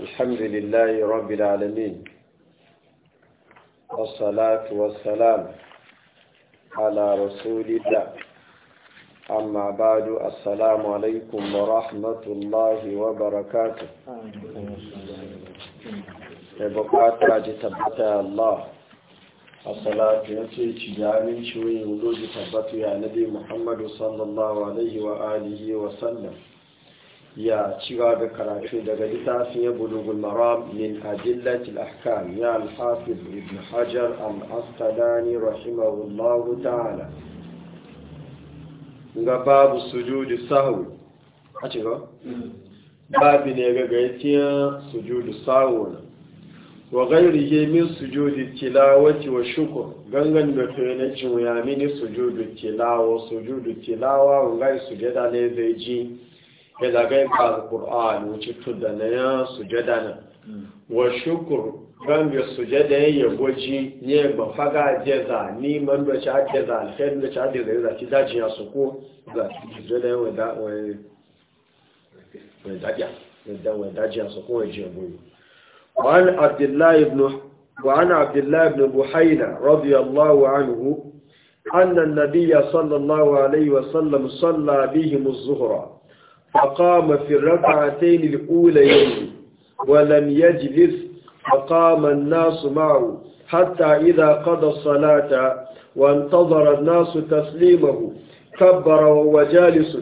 الحمد لله رب العالمين والصلاة والسلام على رسول الله أما بعد السلام عليكم ورحمة الله وبركاته يبقات راجي تبتع الله الصلاة التي تجامل شوي ولوج يا نبي محمد صلى الله عليه وآله وسلم ya cigaba da karatu daga littafin bulugul maram min adillatil ahkam ya al-hafiz ibn hajar al-asqalani rahimahullahu ta'ala ga babu sujudu sahwi a ci babu ne ga gaitiyar sujudu sahwi wa gairihe min sujudu tilawati wa shukur gangan da tuni cin ya mini sujudu tilawa sujudu tilawa ngai sujada ne zai ji ya zagaye ba alkur'an wuce tudda na ya sujada na wa shukur gan bi sujada ya gwaji ne ba faga jeza ni man da cha jeza alkhair da cha jeza da ki daji ya su ko da ki jeza ya wada wai daji da wai daji ya su ko ya je boye وعن عبد الله بن وعن عبد الله بن بحيرة رضي الله عنه أن النبي صلى الله عليه وسلم صلى بهم الظهر فقام في الركعتين الأوليين ولم يجلس فقام الناس معه حتى إذا قضى الصلاة وانتظر الناس تسليمه كبر وهو جالس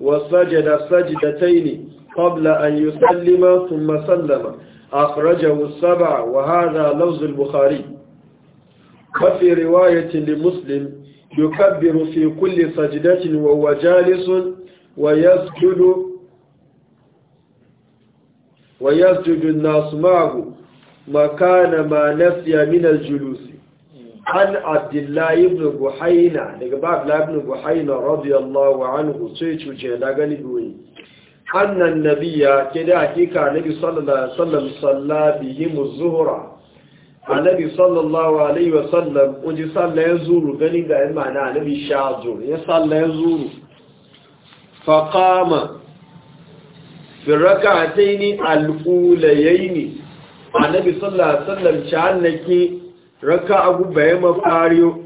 وسجد سجدتين قبل أن يسلم ثم سلم أخرجه السبع وهذا لفظ البخاري وفي رواية لمسلم يكبر في كل سجدة وهو جالس ويسجد ويسجد الناس معه مكان ما نسي من الجلوس عن عبد الله بن بحينا لقبا عبد الله بن بحينة رضي الله عنه سيتو وجهد قلبوي أن النبي كده حقيقة النبي صلى الله عليه وسلم صلى بهم الظهر النبي صلى الله عليه وسلم وجي صلى يزوره قلبا معنى النبي شاء الظهر يصلى يزوره faƙama firaka ta yi ni alƙulayayi ne a nabi sallasallam cannaki raka agubba ya mafariyo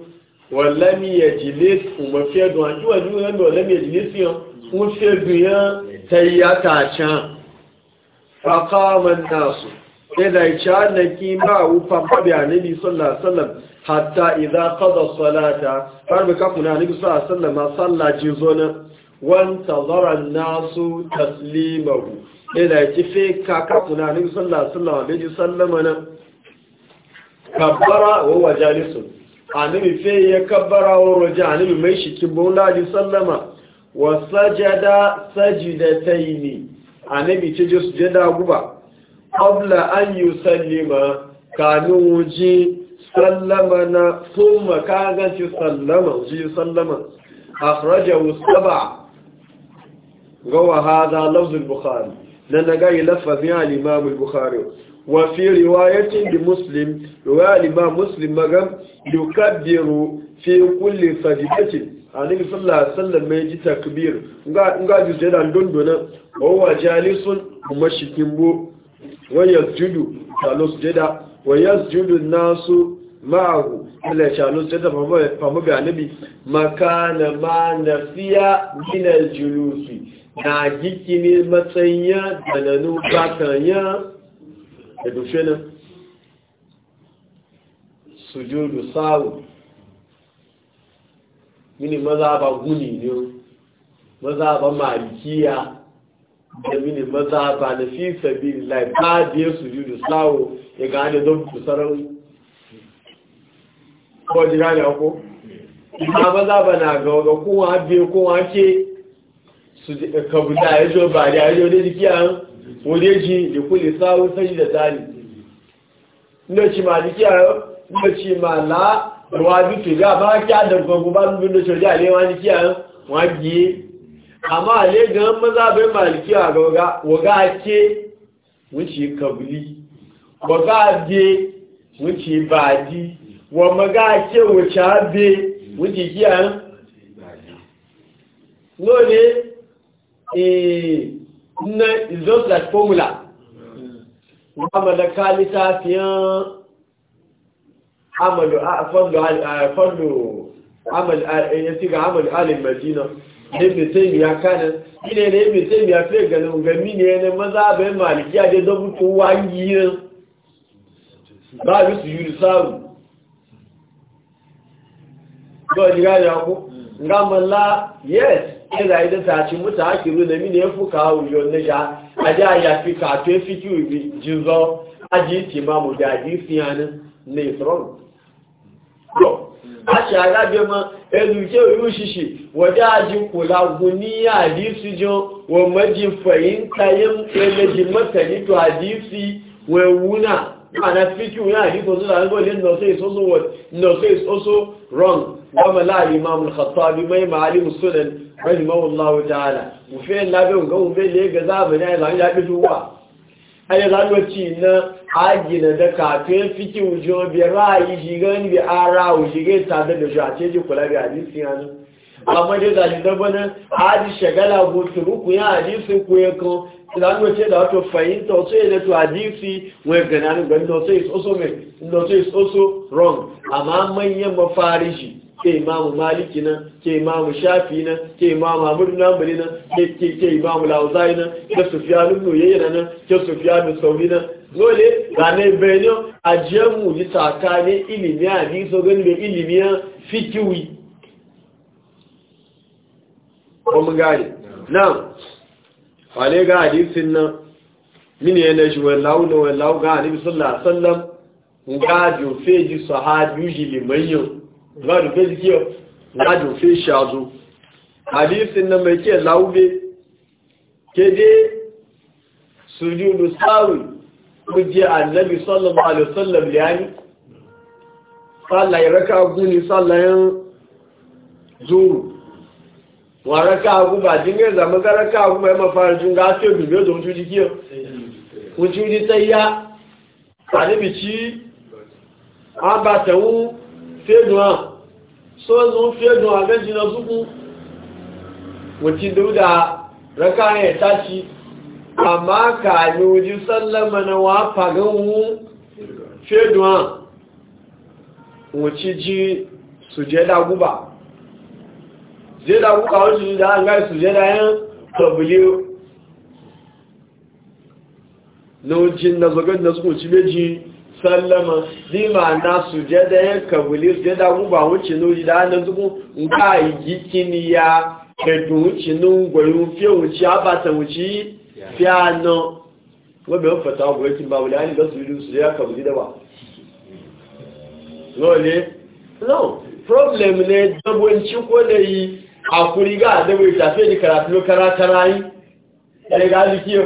wallami ya jilis umarfiyar duwa juwa juwa yadda wallami ya jilis yan umarfiyar duya ta yi ya tacan faƙaman nasu ɗaya cannaki ba a wufa mabi a nabi sallasallam hatta idan kada salata har bi kakuna nabi sallasallam ma wantazara nasu taslimahu ila ki fe kaka kuna nabi sallallahu alaihi wasallam ji sallama nan kabbara wa wajalisu annabi fe ya kabbara wa roja annabi mai shi kibon ji sallama wa sajada ta yi sajidataini annabi ce je sujada guba qabla an sallama! kanu wuji sallama na thumma kaga ci sallama ji sallama A akhrajahu sab'a روى هذا لفظ البخاري لنقاي لفظ يا الإمام البخاري وفي رواية لمسلم رواية الإمام مسلم مقام يكبر في كل صديقة عليه صلى الله عليه وسلم ما يجي تكبير نقا جزيلا دندنا وهو جالس ومشكين بو ويسجد شالوس جدا ويسجد الناس معه إلا شالوس جدا sai da مكان ما نفيا من الجلوس na gikini matsayiya da nanu bakanya da dushe nan sujudu sawu mini mazaba guni ne mazaba malikiya da mini mazaba na fi sabi laifa da sujudu sawu ya gane don kusarauni ko ji gane ako ma mazaba na ga kowa biyu kowa ke kàbùnà ẹjọ́ bàrí ayọ́ lé kí a ń wọlé jí ìkú lè sáwọ́ sẹ́yìn dẹ̀tàrí lọ́ọ̀ṣì máa ní ma a lọ́ọ̀ṣì máa láà wọ́n adú tèlé àbára kí àdàgbọ̀gbọ̀ bá ń bínú ṣọ̀dí àlẹ́ wọ́n ní kí a ń wọ́n jí amma àlẹ́ gan mọ́sábẹ́ màlìkí wọ̀gá ké wọ́n ṣe kàbùlí wọ̀gá dé wọ́n ṣe bàdí wọ̀mọ̀gá ké wọ̀ṣà dé wọ́n ṣe kí a ń lónìí Eh, na just like formula wọ́n da ká lítàfihàn amalu alin madina ibn taymiya kana ine ne ibn taymiya sai ga ga mine ne maza bai malikiya da zabutu wangi ne ba bi su yuri sabu ga ya ku ngamalla yes ẹ ra ilé tààtì mú tààkì rú lèmi ní ẹfúkà òyò níjà ajá àyàfi kàtó fíkì òbí jùzọ ajì tì máa mú dàdí fi hàn ní ìtọ́rọ̀nù. aṣe arábíọmọ ẹnu iṣẹ́ orí òṣìṣì wọ́dá ajì kò lágùn ní àdíṣíjọ wọ́n mọ́jì fẹ̀yìntà yẹn ẹlẹ́jì gama la imam al-khattabi mai ma'alim sunan rahimahullahu ta'ala mufe labin ga mufe ne ga zamani ya zama ya fi duwa a yi zanoci na agina da kafin fiki wujo bi ra'ayi shigan bi ara wujige tare da a jace ji kula bi hadisi yana amma dai da shi bana hadi shagala go turuku ya hadisi ko ya ko zanoci da wato fahimta wato ya to hadisi wai ganin ganin da wato is also me da wato is also wrong amma manyan mafarishi ke imamu maliki nan ke imamu shafi nan ke imamu hamadu nambali nan ke imamu lauzai nan ke sufiyanu noyayya nan ke sufiyanu sauri nan dole na benin ajiyar mu ji tsakanin ilimi a ni so gani da ilimi ya fikiwi kuma gari na fane ga hadisin nan mini yana shi wallahu da wallahu ga hadisun lasallam ga jofe ji sahabi ji limanyan da gado gaskiya gado sai shazo hadisin nan mai ke laube ke dai sujudu sawi kuje annabi sallallahu alaihi wasallam yani sallai raka guni sallayin zuru wa raka gu ba dinga zama ga raka gu mai mafarjin ga sai dubi don juji kiyo kun juji sai ya bi ci an ba tawu fedun a sojin fedun a ganci na suku wacin duda raka ya tashi amma ka yi na wa faganwu fedun a wacin ji sujeda guba jeda guba wacin da an gai sujeda yan tabbali na na ci sallama bi suje da ya kabuli sujada guba wuce nuri da hannun zuku nka yi kini ya kẹdùn wuce nun gwayo fiye wuce abata wuce fiye anan wọ́n bẹ̀rẹ̀ fẹ̀ta ọgbọ̀n ti bá wùlẹ̀ ánìyàn sí ìlú sujada kabuli dẹ́wà lọ́ọ̀lẹ́ no problem ne dabonci ko da yi a hakuri ga dabo tafiye ni karatu karatara yi daga alikiyo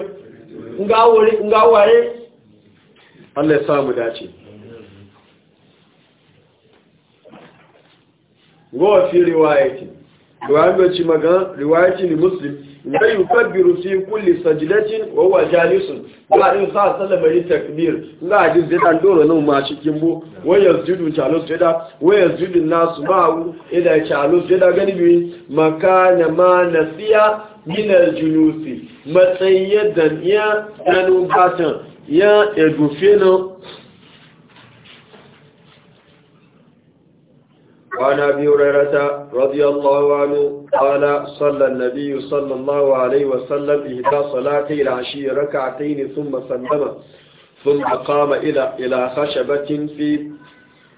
nga wore nga ware Allah ya samu dace gowa fi riwayati riwayar ci magana riwayar ne muslim la yukabbiru fi kulli sajdatin wa huwa jalisun ba din sa sallama yi takbir la din zai dan doro nan ma cikin bu waya yasjudu chalu sada waya yasjudu nasu ma'u ila chalu sada gani bi makana ma nasiya min aljulusi junusi da ya nanu batan ya edufe na وعن أبي هريرة رضي الله عنه قال صلى النبي صلى الله عليه وسلم إهدى صلاتي العشي ركعتين ثم سلم ثم قام إلى إلى خشبة في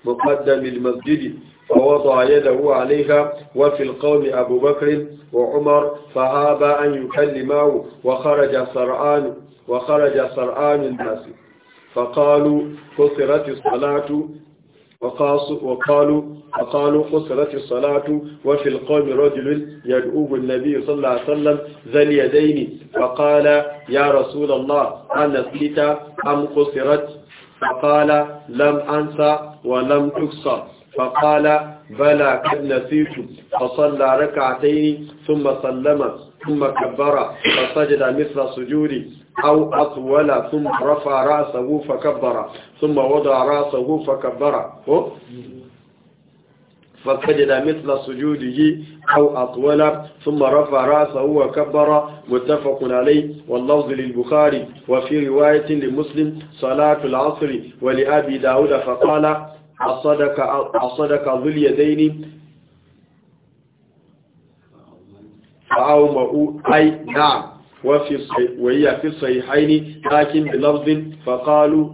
مقدم المسجد فوضع يده عليها وفي القوم أبو بكر وعمر فهاب أن يكلمه وخرج سرعان وخرج سرعان الناس فقالوا كثرت الصلاة وقالوا وقالوا قصرت الصلاة وفي القوم رجل يدعوه النبي صلى الله عليه وسلم ذا اليدين فقال يا رسول الله أنسيت أم قصرت فقال لم أنسى ولم تكسر فقال بلى قد نسيت فصلى ركعتين ثم سلم ثم كبر فسجد مثل سجودي أو أطول ثم رفع رأسه فكبر ثم وضع رأسه فكبر فسجد مثل سجوده أو أطول ثم رفع رأسه وكبر متفق عليه واللفظ للبخاري وفي رواية لمسلم صلاة العصر ولأبي داود فقال أصدك, أصدك ذو اليدين فأومأوا أي نعم وفي وهي في الصحيحين لكن بلفظ فقالوا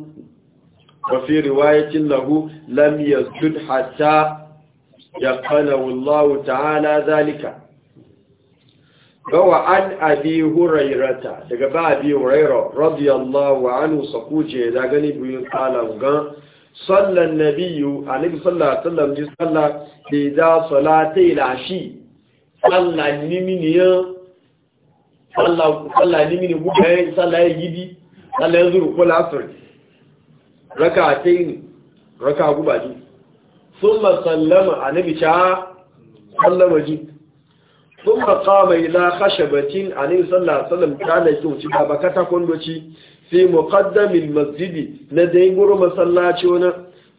وفي رواية له لم يسجد حتى يقنه الله تعالى ذلك روى عن أبي هريرة تقبع أبي هريرة رضي الله عنه سقوجه إذا قال قال صلى النبي عليه صلى الله عليه وسلم صلى إذا صلاة العشي صلى النمينيان sallah ni mini guga ya sallah ya gidi sallah ya zuru ko lasar raka a ne raka guba ji sun ma sallama a nabi ca ah, sallama ji sun ma kama ila khashabatin a nabi sallah sallam ta da kyau ci ba katakon sai mu muqaddamin masjidi na dai guru masallaci wani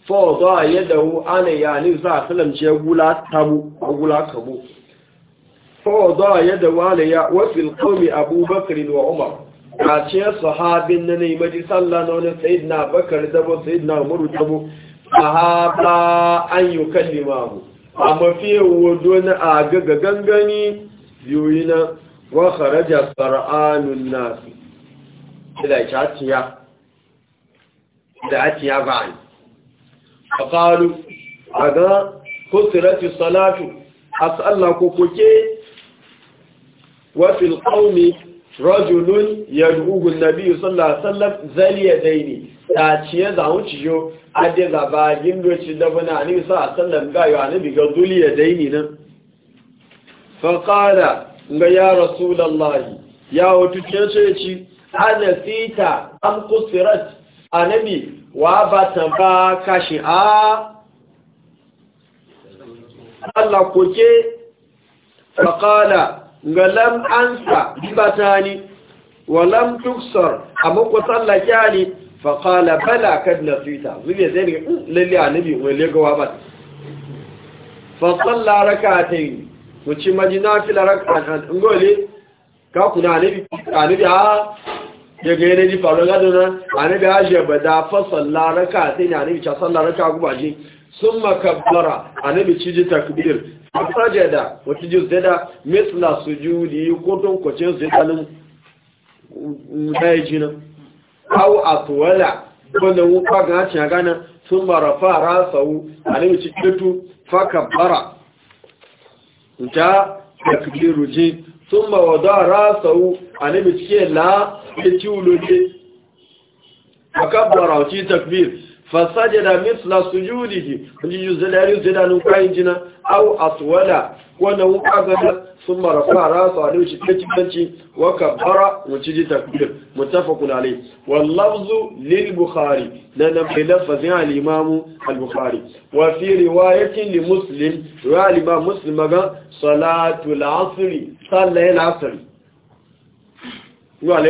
fa za yadahu ana ya nabi sallah sallam ce gula tabu gula kabo fawada yadda walaya wafil qaumi abubakar wa umar a ce sahabin na ne maji sallah na wani sayyidina bakar dabo sayyidina umar dabo sahaba an yi kallima a mafi wado na agaga gangani yoyi na wa kharaja sar'anun nasu ila chatiya ko koke وفي rajulun رجل يدعوه النبي صلى الله عليه وسلم ذل يدين تاتيه زاون تشيو ade zaba gindo ci da bana ani sa sallam ga yo ani ya daini nan fa qala ga ya rasulullahi ya wato ce ce ci ana sita am kusirat anabi wa ba ta ba kashi a Allah fa qala ga lam ansa bibatani wa lam tuksar amma ku tsallaka ne fa qala bala kad nasita zube zai ga mm, lalle annabi wai ga wa ba fa salla rak'atayn wuci madina fil rak'at ngole ka kuna annabi annabi ha ya ga yana ji faru gado na annabi ha je bada fa salla rak'atayn annabi cha salla rak'a gubaje summa kabbara annabi ci ji takbir asajada wata da mesla sujudi ko don kwacin zikalin daya jinan aw atwala wanda wuka ga ci gana sun marafa rasahu alim cikitu fakabbara ta takbiru ji sun mawada rasahu alim cikin la ya ci uloje fakabbara ci takbir fasajada misla sujudihi wani yuzalari zidanu kayan jina au aswala wani wuka gada sun marafa rasu a lauci kacikanci wa kabbara mace ji takbir mutafakun alai wallafzu lil bukhari na nafi lafazin alimamu al-bukhari wa fi riwayatin li muslim riwa liba muslim maga salatu la'asiri sallaye la'asiri riwa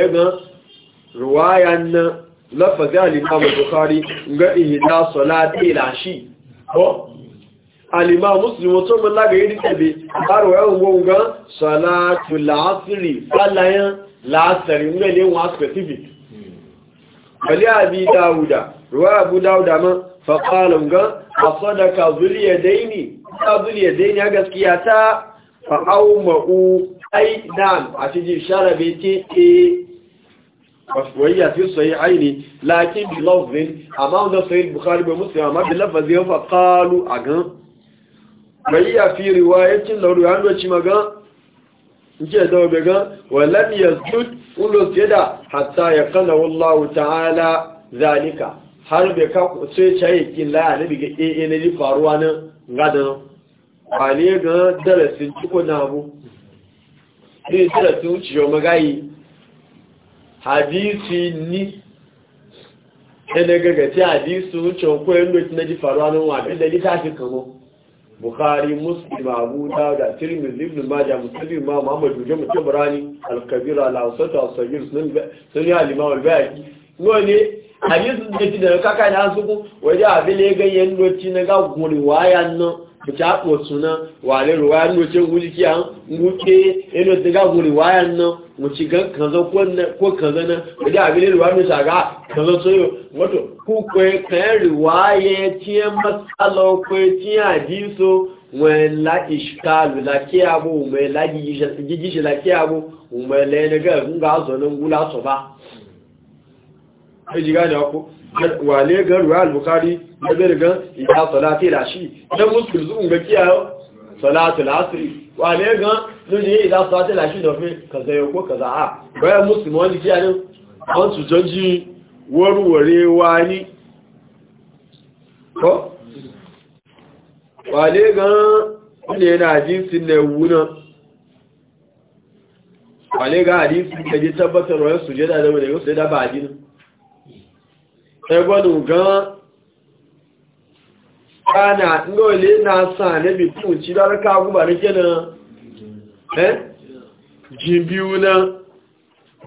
riwayan na lafazi al-imam bukhari ga ihda salati lashi ko al-imam muslim wato mun laga yi tabe har wa yau ga salatu al-asr falayan la'asr ne ne wa specific bali abi dauda ruwa abu dauda ma a fa qala ga asadaka zuliyadaini zuliyadaini gaskiya ta fa auma'u ai nan a cikin sharabe ce eh وهي في الصحيحين لكن بلفظ أما أن صحيح البخاري ومسلم أما بلفظ فقالوا أغن وهي في رواية لو رواية وشما غن nke zama bai gan walam ya zud ulos yada hatta ya kana wallahu ta'ala zalika har bai ka sai cayi killa ne bi eh ne ji faruwa nan gadan Ali ga darasin ciko na hadisi ni ɗaya gagace hadisi wucin koyon doki na ji faruwa nan wa da kan kamo bukari muslim abu dawuda tirmidhi ibn majah Musulmi ma muhammadu jamu tabrani al-kabir al-awsat al-sagir ya hadisi da ti da kaka da su waje abile ganyen doki na ga gurwaya nan ta ko suna wale ruwaya doki wuliki an guke eno ga ga ìwáyé náà. wuci ga kaza ko kaza na da abin ruwa mai shaga kaza soyo wato ku kwaye kayan riwaye ciye matsala kwaye ciye hadiso mai la ishkalu la kiyabu mai la gigishi la kiyabu mai la yana ga sun ga zonin gula su ba ji gane da ku wale ga ruwa al na da bergan ita salati da shi dan musul zuun ga kiyaye salatul asri wa le gan lo ni ila so ati la shi do fe kaza yo ko kaza a bayan muslim wani ji ani won su joji woru wore wa ni ko wa le gan ne na ji sin ne wuna wa le ga hadisi da ji tabbatar wa sujada da wani yau sai da ba ajin sai gwanu gan kana ngole na sa ne bi tun ci dar ka guba ne kenan eh jibiuna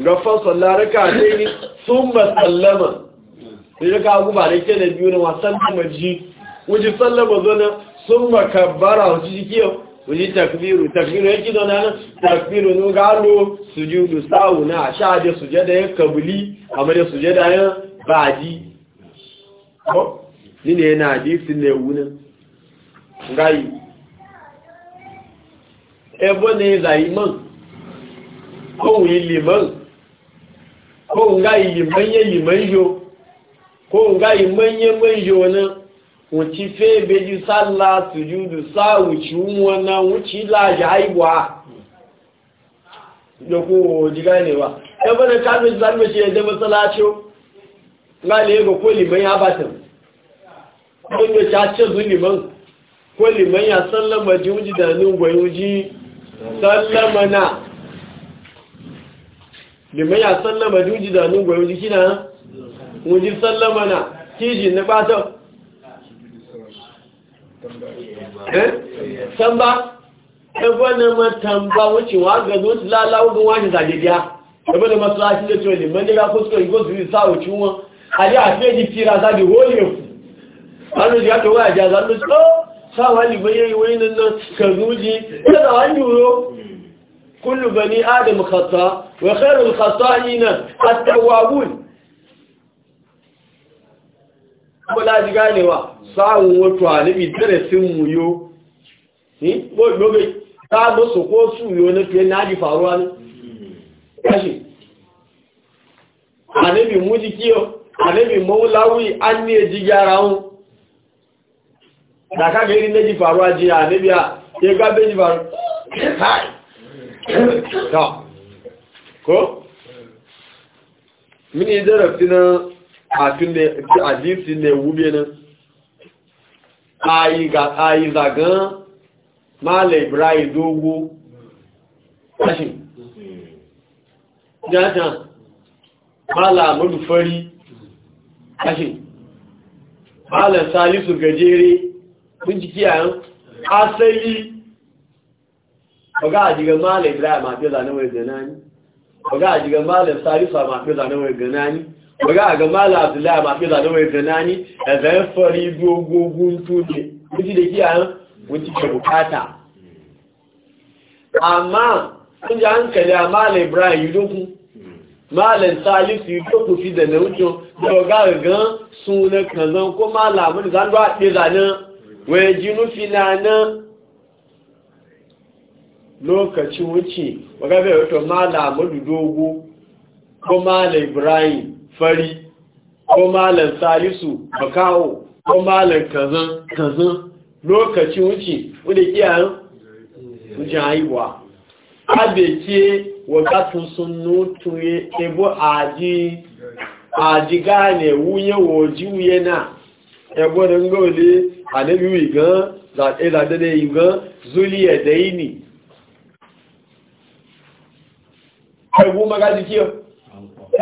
ga fa sallar ka dai ni summa sallama ne ka guba ne kenan biyu na sallama ji, wuji sallama zona summa kabbara wuji kiyo wuji takbiru takbiru yake da nan takbiru no galo sujudu sauna sha da sujada ya e kabuli amma da sujada ya e baji ko nínú ẹ̀nà àdífì ní ewu náà ngáyì ẹbọ́ ní ìzà ìmọ̀ kóhùn ilẹ̀ mọ́ kóhùn ngáyì ìmọ̀nyẹ ìmọ̀nyọ kóhùn ngáyì mọ̀nyẹ mọ̀nyọ náà wọ́n ti fẹ́ bẹjú sálà tùjúdù sáàwùchí wọn náà wọ́n ti láàyà ìwà yóò jí gáìnẹ̀wà ẹbọ́ ní káàkiri sálà ṣe wanda ta ce liman ko liman ya sallama ji wuji da nun gwai wuji sallama na liman ya sallama ji wuji da nun gwai wuji kina wuji sallama na kiji na bata eh tamba ẹgbọ́n eh, na ma tamba wucin wa ga zo lalawo ga wani zagegiya ẹgbọ́n na masu lati da cewa liman daga kuskure ko su yi sa'o'cin wọn a yi a fiye ji fira zagi fi. wani ya ta waya jaza lu tso oh, sa wani bayan wani nan ka zuji ina da an yuro kullu bani adam khata wa khairul khata'ina at-tawwabun ko la ji ganewa sawun wato alibi dare sin muyo ni bo doge ta do so ko su yo na fiye na ji faruwa ne kashi alibi mujiki yo alibi maulawi an ne ji gyara mu. da kaga irin da faruwa jiya annabi ya ga bai ji faru ta ko mini darasi na afin da hadisi ne wube nan ayi ga ayi zagan mala ibrahim dogo kashin jata mala mudufari kashin mala salisu gajere kun ji kiyayen asali ba ga a jigan ibrahim a fi zane mai ganani ba ga a jigan malam sarisa ma fi zane mai ganani ba ga a ga malam abdullahi ma fi a yi fi da na wucin da ga gan sunan kazan ko malamin zan ba a wajinu filana lokacin wuce magabe wato mala Amadu dogo ko mala ibrahim fari ko malan salisu bakawo ko malan kazan kazan lokacin wuce wanda kiyayen wujen haihuwa abeke wakatun sun tuye ebo aji aji gane wuye ji wuye na ebo da ngole ànẹ́bí wì gan ẹ̀dàdẹ́dẹ́ yìí gan ẹ̀dẹ́ yìí ẹgbú maka ti kí ọ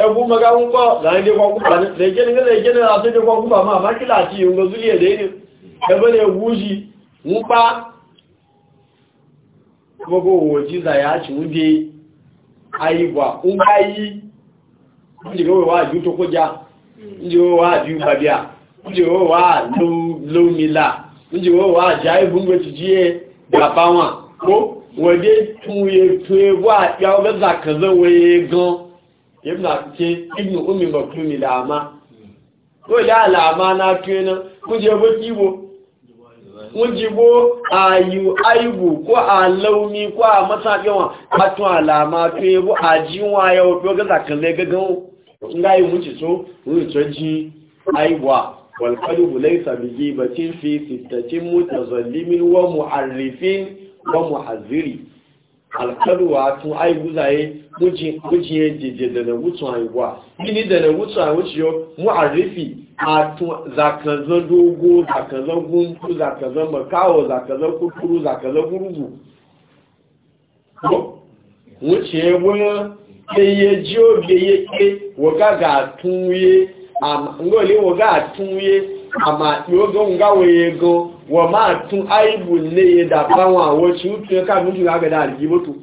ẹgbú maka ń kọ́ láàrín gbogbo òwò jíza ya ṣe ń dé ayíwà ń bá yí ń jẹ́ wọ́n wá àjú tó kó já ń jẹ́ wọ́n wá àjú bàbíà kujewa wa lomila kujewa wa ajayi bungo ti jiye gaba ko wade tuye tuye wa ya obe zakaza waye gan ibna ke ibnu umi maklumi lama ko ya lama na tuye na kujewa kiwo wujibo ayu aibu ko a launi ko a matsakewa batun alama to yabo a jinwa yau to ga gagan ngai wuce so wuce ji aibuwa والقلب ليس بجيبة في ستة متظلم ومعرف ومحذر alkalu wa tun ai guzaye mujiye jeje da na wutun aiwa mini da na wutun a wuciyo mu arifi a tun zakazan dogo zakazan gunku zakazan makawo zakazan kuturu zakazan gurugu wuciye wani keye ji obi ye ke waga ga tun ye ngoli wo ga tunye ama yogo ngawe yego wa ma tun aibu ne da bawa wo ci utu ka mun ga ga da aljibo to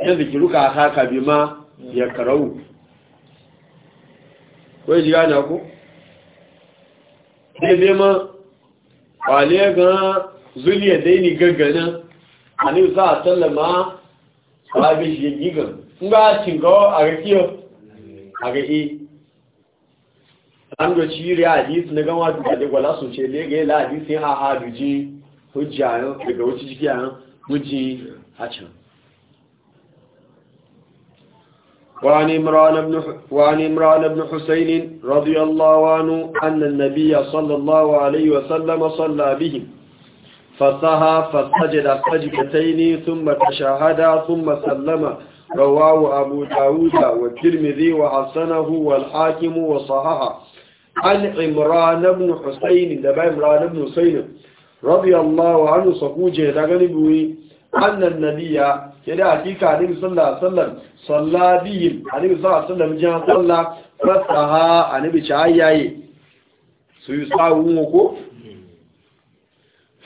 yanzu ki ruka ha ka bi ma ya karau ko ji gana ku ne be ma wa wale ga zuliya dai ni gaggana ani za sallama ba bi shi gigan in ba cin go a ga kiyo a ga i an do ci yiri na gan wadu gade gwala ce le ga yi hadisi ha a yau daga wuce jiki a hujji a can wani imran ibn husain radiyallahu anu sallallahu alaihi wa sallama sallabihi fasaha fasaje da kaji ka taini sun mata shahada sun sallama rawawu abu dawuda wa kirmidi wa hassanahu wal hakimu wa sahaha an imran ibn husayn da ba imran ibn husayn radiyallahu anhu sakuje da gani buyi annan nabiya da hakika annabi sallallahu alaihi wasallam sallabi annabi sallallahu alaihi wasallam jan salla fasaha annabi chayaye su yi sawu ko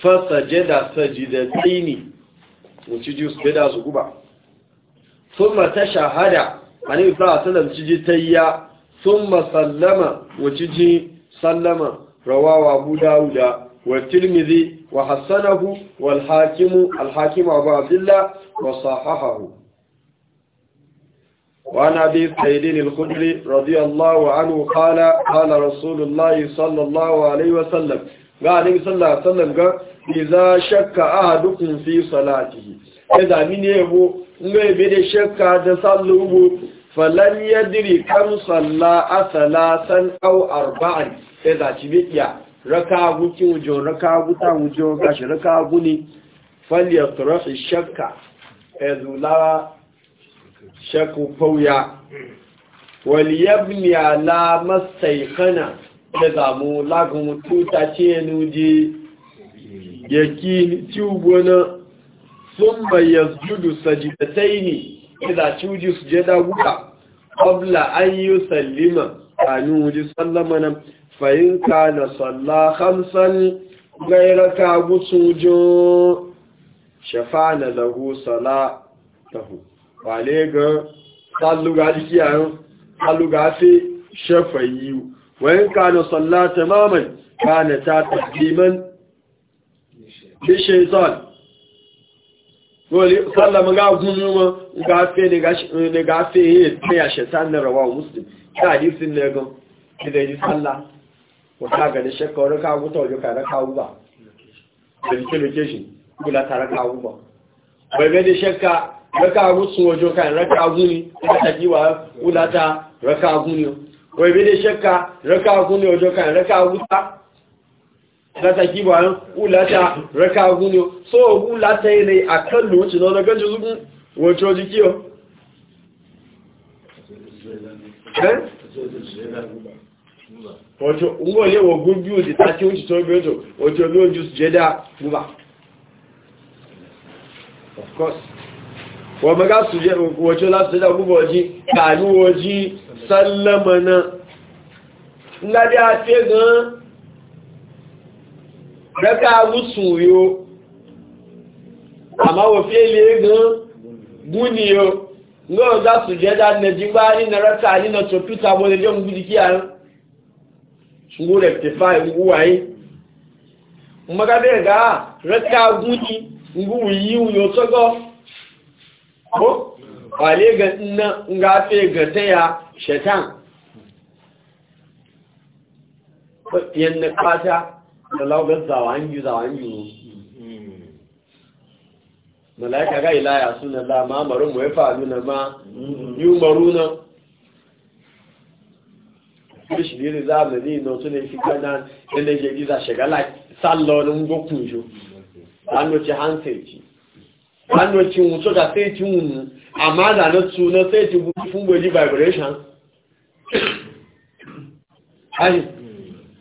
fasajada sajidataini wuci ji su da su guba thumma tashahada annabi sallallahu alaihi wasallam ci ji tayya thumma sallama wace ce sallama rawawa buda wuda wa tilmizi wa hassanahu walhakimu alhakimu abu abdulla wa sahahahu wa na bi radiyallahu anu kala kala sallallahu alaihi wasallam ga a nemi sallah ga iza shakka a dukkan fi salatihi ya zami ne yabo ngai bai da shakka da sallan falan diri kan salla asalasan aw arba'an sai da ci biya raka guki wujo raka guta wujo gashi raka guni falyatrahi shakka azula shakku fauya wal yabni ala mastaykana da zamu lagun tuta ce ya nuji yaki ci ubona sun bayyaz judu sajidataini idza tuji sujada guda qabla an yusallima kanu wuji sallama nan fa in kana salla khamsan ghayra ka gusujo shafa'na lahu salatahu wale ga sallu ga jikiyan sallu ga fi shafayi wa in kana salla tamaman kana ta taqdiman bi shaytan sallama ga gunuma ga fe ne ga fe yi ne ya shaitan na rawa muslim ta hadisin ne gan da yi sallah wata ga da shakka wani kawo ta wajen kare kawo ba da jike location gula tare kawo ba bai bai da shakka raka rusun wajen kare raka guni ta tafiwa gula ta raka guni bai bai da shakka raka guni wajen kare raka guta láta kí bọ̀ àrùn ó láta rẹ́ka ogun ni ó só ogun láta ilẹ̀ àkọlù ó ti lọ́nà gẹ́jù ogun wọ́n tí ó di kí ọ ọjọ́ ilé ogun bí ó ti ta kí ó ti tọ́ ìgbẹ́jọ ọjọ́ ilé ojú jẹ́dá múbà of course wọ́n mẹ́gá sùjẹ́ ọjọ́ láti jẹ́dá múbà ọjí kàánú ọjí sálẹ́mọ̀ náà ńlá dé àti gan rẹ́ka rúsùn yóò àmáwò fi èlé gan gún ni yóò lóò dá sùjẹ́dá nàìjíríà nínú rẹ́ka nínú tòpítà wọlé jẹ́ gúdí kí a ń rẹ̀ ìwú wáyé mọ́gádẹ́ ga gún ni ngúwù yíwù yóò tọ́gọ́ yẹn na pátá lọ́gbẹ́ zàwáyú zàwáyú mọ̀láíkà ga ìláyà súnà láàmà mọ̀rú mọ̀ ẹ́fà lúnà máa yíò mọ̀rú náà oríṣì lérí láàmà ní iná tó lè fi gbádá ẹlẹ́jẹ̀ gíza ṣẹ̀gálà sálọ ní ń jo. jù lánàtí hanseji lánàtí hun sódà séètì hun àmàdà na tún náà séètì fún gbèjì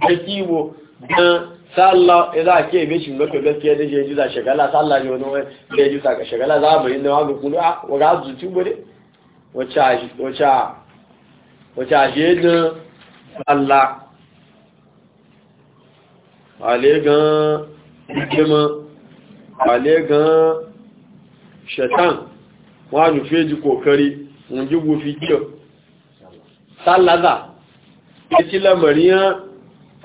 da kiwo na sallah idan eh, ake be shi lokacin gaskiya da jeju da shagala sallah ne wani jeju ta shagala za mu yi na wani kulu a waga zuci bode wacce wacce wacce aje da sallah ale gan hikima ale gan shaitan wani feji kokari mun gufi kiyo sallah ya ci lamarin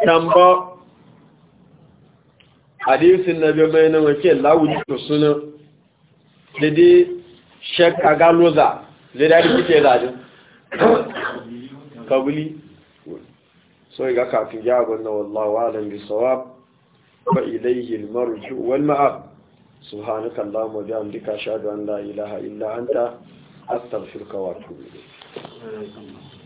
tambo hadisin na biyu mai na wake lawuli ko suna da dai shakka gano za da dadi kabuli so ga kafin ya gwanna wallawa don bi sawab wa ilayhi marju wal ma'ab subhanaka allahumma wa bihamdika ashhadu an la ilaha illa anta astaghfiruka wa atubu ilayk